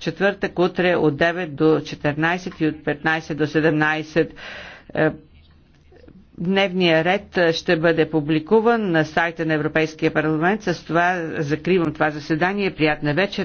четвъртък утре от 9 до 14 и от 15 до 17. Е, дневния ред е, ще бъде публикуван на сайта на Европейския парламент. С това закривам това заседание. Приятна вечер.